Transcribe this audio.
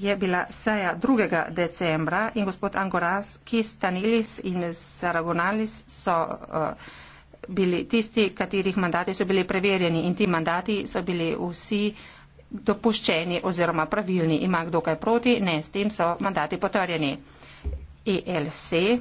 je bila seja 2. decembra in gospod Angoras, ki stanilis in saragonalis so uh, bili tisti, katerih mandati so bili preverjeni in ti mandati so bili vsi dopuščeni oziroma pravilni. Ima kdo kaj proti? Ne, s tem so mandati potrjeni. ELC,